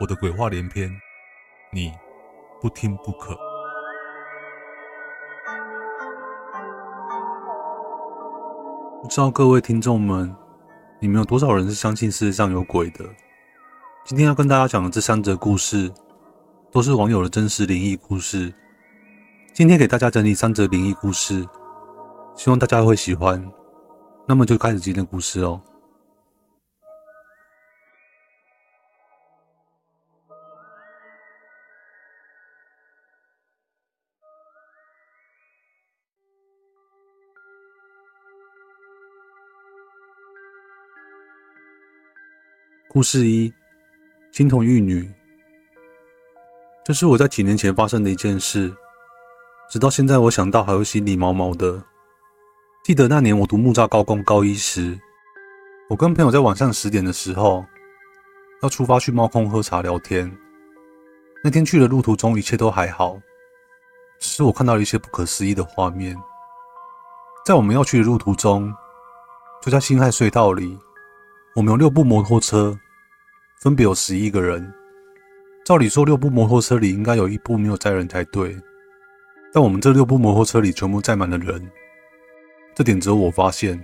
我的鬼話連篇，你不聽不可。不知道各位聽眾們，你們有多少人是相信世界上有鬼的？今天要跟大家講的這三則故事，都是網友的真實靈異故事。今天給大家整理三則靈異故事，希望大家會喜歡。那麼，就開始今天的故事哦。故事一：金童玉女。這是我在幾年前發生的一件事，直到現在，我想到還會心裡毛毛的。記得那年我讀木柵高工高一時，我跟朋友在晚上十點的時候要出發去貓空喝茶聊天。那天去的路途中一切都還好，只是我看到了一些不可思議的畫面。在我們要去的路途中，就在辛亥隧道裡，我們有六部摩托車。分別有十一個人。照理說，六部摩托車裡應該有一部沒有載人才對，但我們這六部摩托車裡全部載滿了人。這點只有我發現。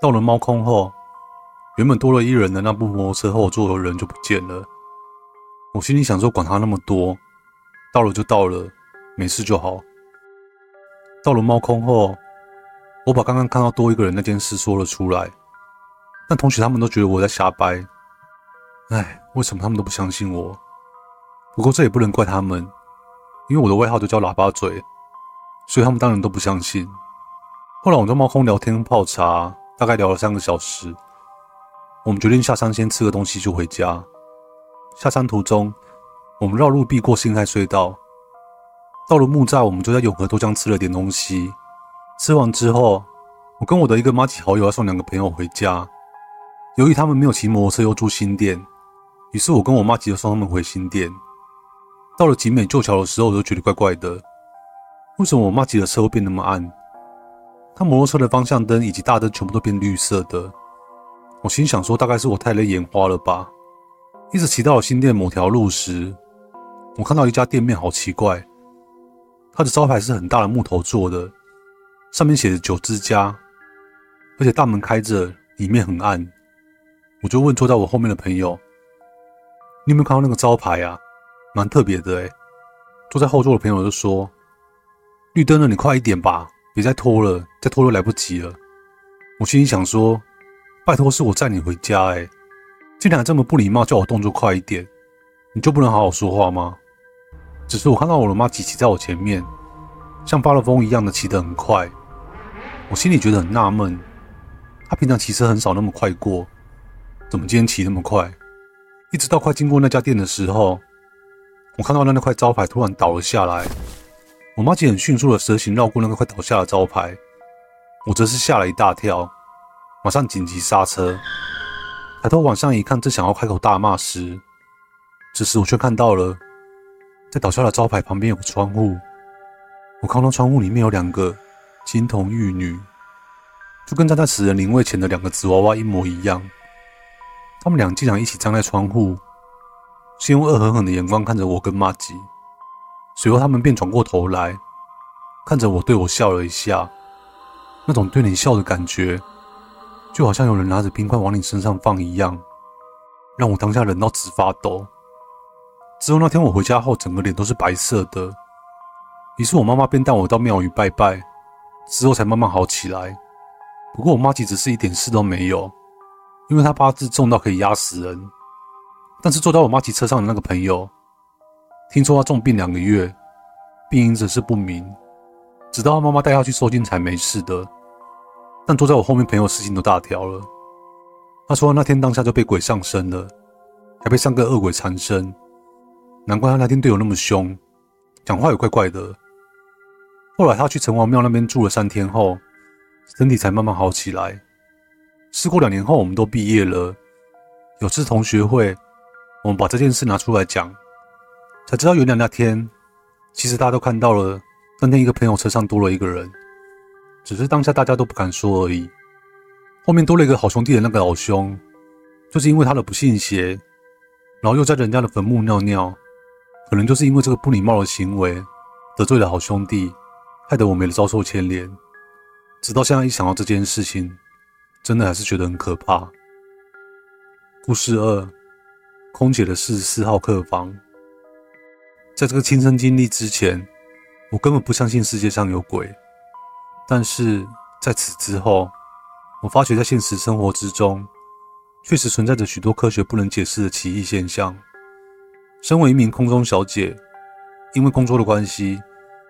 到了貓空後，原本多了一人的那部摩托車後座的人就不見了。我心裡想說，管他那麼多，到了就到了，沒事就好。到了貓空後，我把剛剛看到多一個人那件事說了出來，但同學他們都覺得我在瞎掰。哎，為什麼他們都不相信我？不過這也不能怪他們，因為我的外號就叫喇叭嘴，所以他們當然都不相信。後來我跟貓空聊天泡茶，大概聊了三個小時。我們決定下山先吃個東西就回家。下山途中，我們繞路避過辛亥隧道，到了木柵，我們就在永和豆漿吃了點東西。吃完之後，我跟我的一個麻吉好友要送兩個朋友回家，由於他們沒有騎摩托車又住新店，於是我跟我媽急着送他們回新店。到了景美舊橋的時候，我就覺得怪怪的，為什麼我媽騎的車會變那麼暗？她摩托車的方向燈以及大燈全部都變綠色的。我心想說，大概是我太累眼花了吧。一直騎到了新店某條路時，我看到一家店面，好奇怪，它的招牌是很大的木頭做的，上面寫着“九之家”，而且大門開着，裡面很暗。我就問坐在我後面的朋友。你有沒有看到那個招牌啊？蠻特別的哎、欸。坐在後座的朋友就說：“綠燈了，你快一點吧，別再拖了，再拖就來不及了。”我心裡想說：“拜托，是我載你回家哎、欸，竟然這麼不禮貌，叫我動作快一點，你就不能好好說話嗎？”只是我看到我老媽急騎在我前面，像發了瘋一樣的騎得很快，我心裡覺得很納悶，她平常騎車很少那麼快過，怎麼今天騎那麼快？一直到快經過那家店的時候，我看到了那塊招牌突然倒了下來。我媽竟然很迅速的蛇行繞過那個快倒下的招牌，我則是嚇了一大跳，馬上緊急剎車，抬頭往上一看，正想要開口大罵時，此時我卻看到了，在倒下的招牌旁邊有個窗戶，我看到窗戶裡面有兩個金童玉女，就跟站在死人靈位前的兩個紙娃娃一模一樣。他們倆竟然一起站在窗戶，先用惡狠狠的眼光看着我跟麻吉，隨後他們便轉過頭來，看着我對我笑了一下，那種對你笑的感覺，就好像有人拿着冰塊往你身上放一樣，讓我當下冷到直發抖。之後那天我回家後，整個臉都是白色的，於是我媽媽便帶我到廟宇拜拜，之後才慢慢好起來。不過我麻吉只是一點事都沒有。因為他八字重到可以壓死人，但是坐在我媽機車上的那個朋友，聽說他重病兩個月，病因則是不明，直到他媽媽帶他去收金才沒事的。但坐在我後面朋友事情都大條了，他說那天當下就被鬼上身了，還被三個惡鬼纏身，難怪他那天對我那麼兇，講話也怪怪的。後來他去城隍廟那邊住了三天後，身體才慢慢好起來。事過兩年後，我們都畢業了。有次同學會，我們把這件事拿出來講，才知道原來那天，其實大家都看到了。當天一個朋友車上多了一個人，只是當下大家都不敢說而已。後面多了一個好兄弟的那個老兄，就是因為他的不信邪，然後又在人家的墳墓尿尿，可能就是因為這個不禮貌的行為，得罪了好兄弟，害得我們也遭受牽連。直到現在一想到這件事情，真的還是覺得很可怕。故事二，空姐的四十四號客房。在這個親身經歷之前，我根本不相信世界上有鬼。但是在此之後，我發覺在現實生活之中，確實存在着許多科學不能解釋的奇異現象。身為一名空中小姐，因為工作的關係，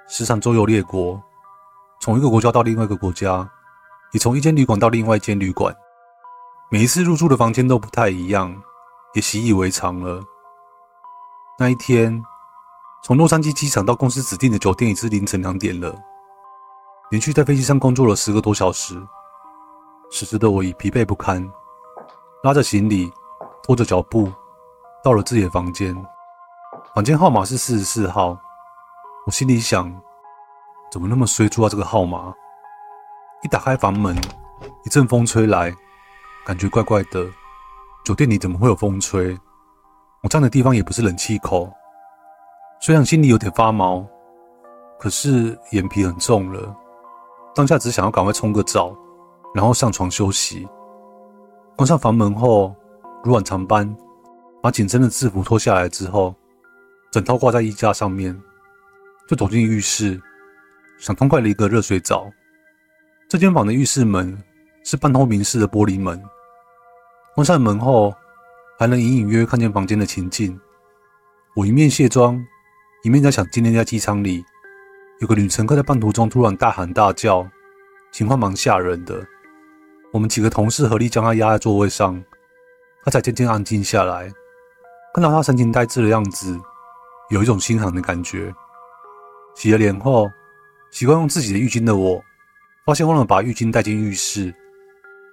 時常周遊列國，從一個國家到另外一個國家。也從一間旅館到另外一間旅館，每一次入住的房間都不太一樣，也習以為常了。那一天，從洛杉磯機場到公司指定的酒店已是凌晨兩點了，連續在飛機上工作了十個多小時，此時的我已疲憊不堪，拉着行李，拖着腳步，到了自己的房間。房間號碼是四十四號，我心裡想，怎麼那麼衰，住到、啊、這個號碼？一打開房門，一陣風吹來，感覺怪怪的。酒店裡怎麼會有風吹？我站的地方也不是冷氣口。雖然心裡有點發毛，可是眼皮很重了，當下只想要趕快沖個澡，然後上床休息。關上房門後，如往常般把緊身的制服脫下來之後，整套掛在衣架上面，就走進浴室，想痛快淋一個熱水澡。這間房的浴室門是半透明式的玻璃門，關上門後還能隱隱約約看見房間的情境。我一面卸妝，一面在想，今天在機艙裡有個女乘客在半途中突然大喊大叫，情況蠻嚇人的。我們幾個同事合力將她壓在座位上，她才漸漸安靜下來。看到她神情呆滯的樣子，有一種心寒的感覺。洗了臉後，習慣用自己的浴巾的我。發現忘了把浴巾帶進浴室，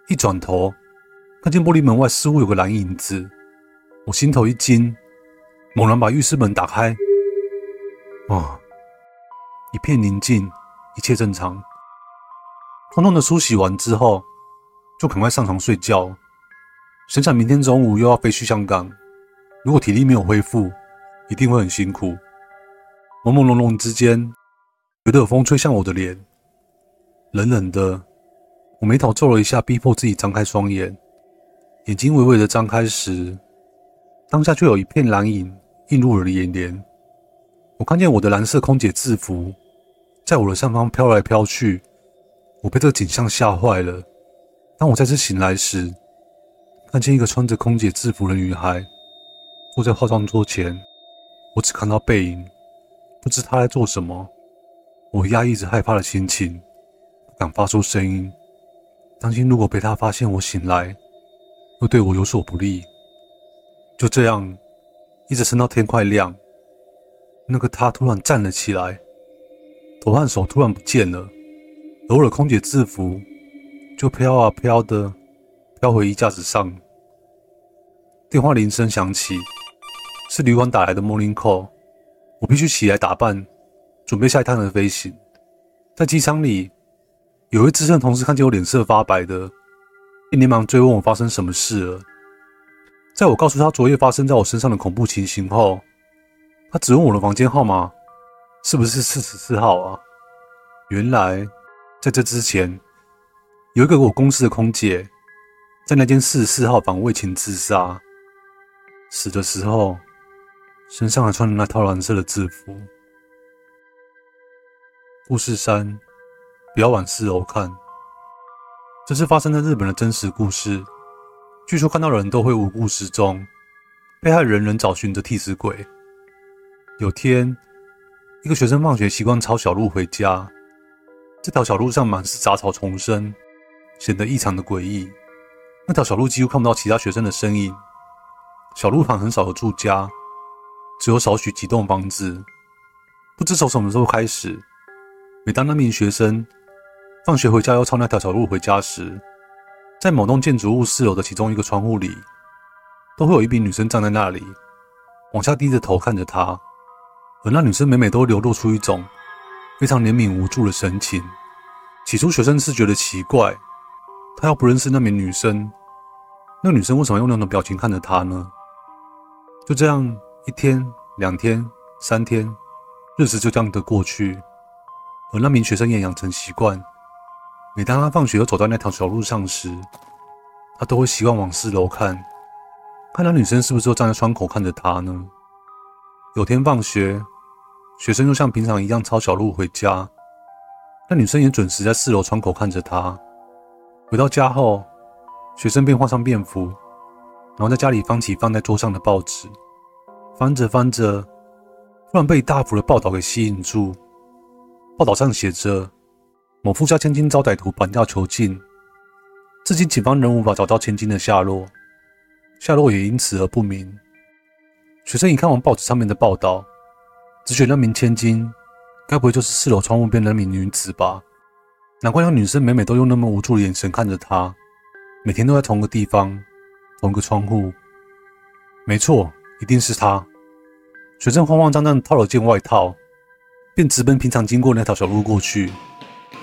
一轉頭，看見玻璃門外似乎有個藍影子，我心頭一驚，猛然把浴室門打開，哇、哦、一片寧靜，一切正常。匆匆的梳洗完之後，就趕快上床睡覺，想想明天中午又要飛去香港，如果體力沒有恢復，一定會很辛苦。朦朦朧朧之間，覺得有風吹向我的臉。冷冷的，我眉頭皺了一下，逼迫自己張開雙眼。眼睛微微的張開時，當下就有一片藍影映入我的眼簾。我看見我的藍色空姐制服在我的上方飄來飄去。我被這個景象嚇壞了。當我再次醒來時，看見一個穿着空姐制服的女孩坐在化妝桌前。我只看到背影，不知她在做什麼。我壓抑着害怕的心情。想發出聲音！當心，如果被他發現我醒來，又對我有所不利。就這樣，一直撐到天快亮，那個他突然站了起來，頭和手突然不見了，而我的空姐制服，就飄啊飄的飄回衣架子上。電話鈴聲響起，是旅館打來的 morning call，我必須起來打扮，準備下一趟的飛行，在機艙裡。有位資深同事看見我臉色發白的，便連忙追問我發生什麼事了。在我告訴他昨夜發生在我身上的恐怖情形後，他只問我的房間號碼，是不是四十四號啊？原來，在這之前，有一個我公司的空姐，在那間四十四號房為情自殺，死的時候，身上還穿着那套藍色的制服。故事三。不要往四樓看。這是發生在日本的真實故事。據說看到人都會無故失蹤，被害人人找尋着替死鬼。有天，一個學生放學習慣抄小路回家。這條小路上滿是雜草叢生，顯得異常的詭異。那條小路幾乎看不到其他學生的身影。小路旁很少有住家，只有少許幾棟房子。不知從什麼時候開始，每當那名學生，放學回家要抄那條小路回家時，在某棟建築物四樓的其中一個窗戶裡，都會有一名女生站在那裡，往下低着頭看着他，而那女生每每都流露出一種非常憐憫無助的神情。起初，學生是覺得奇怪，他要不認識那名女生，那女生為什麼用那種表情看着他呢？就這樣，一天、兩天、三天，日子就這樣的過去，而那名學生也養成習慣。每當他放學又走到那條小路上時，他都會習慣往四樓看，看那女生是不是又站在窗口看着他呢？有天放學，學生又像平常一樣抄小路回家，那女生也準時在四樓窗口看着他。回到家後，學生便換上便服，然後在家裡翻起放在桌上的報紙，翻着翻着，突然被大幅的報道給吸引住。報道上寫着。某富家千金遭歹徒綁架囚禁，至今警方仍無法找到千金的下落，下落也因此而不明。學生一看完報紙上面的報道，只覺那名千金該不會就是四樓窗戶邊的那名女子吧？難怪那女生每每都用那麼無助的眼神看着她，每天都在同個地方，同個窗戶。沒錯，一定是她。學生慌慌張張套了件外套，便直奔平常經過那條小路過去。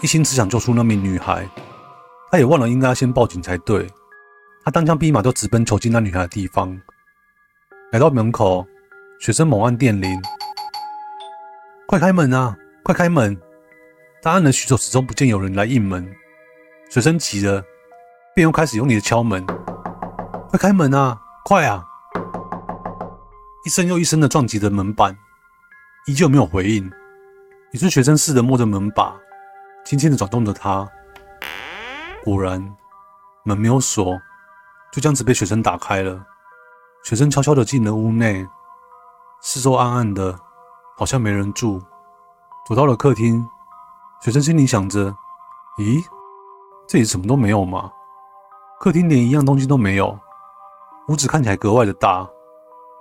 一心只想救出那名女孩，他也忘了應該要先報警才對。他單槍匹馬就直奔囚禁那女孩的地方。來到門口，學生猛按電鈴：“快開門啊！快開門！”但按了許久，始終不見有人來應門。學生急了，便又開始用力的敲門：“快開門啊！快啊！”一聲又一聲地撞擊着門板，依舊沒有回應。於是學生試着摸着門把。輕輕地轉動着它，果然門沒有鎖，就這樣子被學生打開了。學生悄悄地進了屋內，四周暗暗的，好像沒人住。走到了客廳，學生心裡想着：“咦，這裡什麼都沒有嘛？客廳連一樣東西都沒有，屋子看起來格外的大，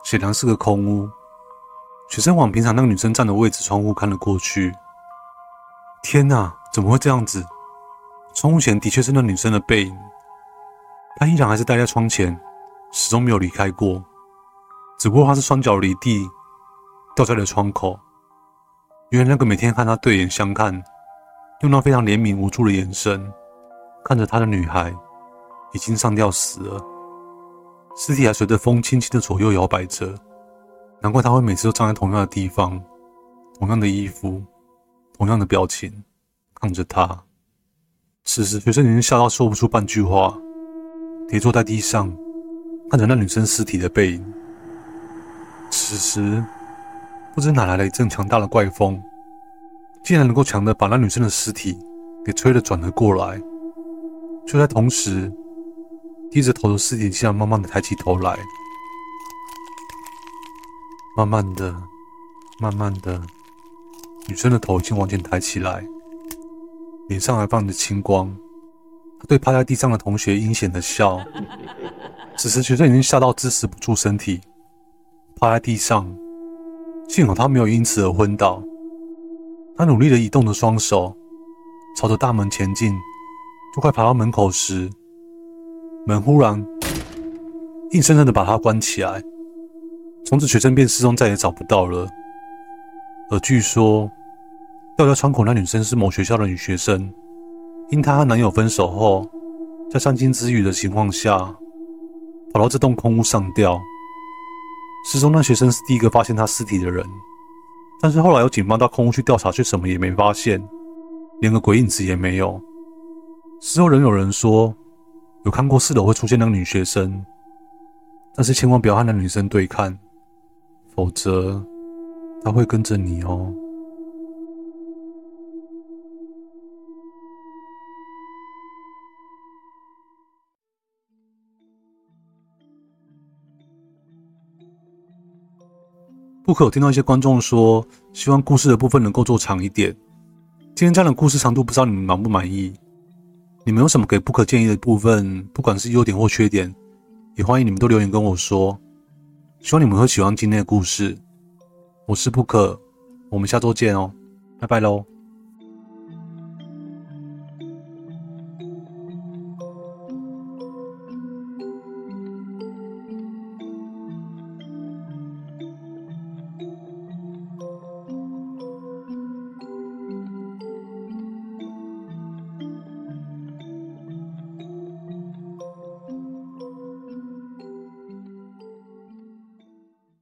顯然是個空屋。”學生往平常那個女生站的位置窗戶看了過去，天哪！怎麼會這樣子？窗戶前的確是那女生的背影，但依然還是待在窗前，始終沒有離開過。只不過她是雙腳離地，吊在了窗口。原來那個每天和她對眼相看，用那非常憐憫無助的眼神看着她的女孩，已經上吊死了。屍體還隨着風輕輕的左右搖擺着。難怪她會每次都站在同樣的地方，同樣的衣服，同樣的表情。望着他，此時學生已經嚇到說不出半句話，跌坐在地上，看着那女生屍體的背影。此時，不知哪來了一陣強大的怪風，竟然能夠強的把那女生的屍體給吹得轉了過來。就在同時，低着頭的屍體竟然慢慢的抬起頭來，慢慢的，慢慢的，女生的頭已經完全抬起來。臉上還放着青光，他對趴在地上的同學陰險的笑。此時學生已經嚇到支撐不住身體，趴在地上。幸好他沒有因此而昏倒，他努力的移動着雙手，朝着大門前進。就快爬到門口時，門忽然硬生生的把他關起來。從此學生便失蹤，再也找不到了。而據說。吊在窗口那女生是某學校的女學生，因她和男友分手後，在傷心之餘的情況下，跑到這棟空屋上吊。失蹤那學生是第一個發現她屍體的人，但是後來有警方到空屋去調查，卻什麼也沒發現，連個鬼影子也沒有。事後仍有人說，有看過四樓會出現那個女學生，但是千萬不要和那女生對看，否則她會跟着你哦。不可我有聽到一些觀眾說，希望故事的部分能夠做長一點。今天這樣的故事長度，不知道你們滿不滿意？你們有什麼給不可建議的部分，不管是優點或缺點，也歡迎你們都留言跟我說。希望你們會喜歡今天的故事。我是不可，我們下周見哦，拜拜嘍。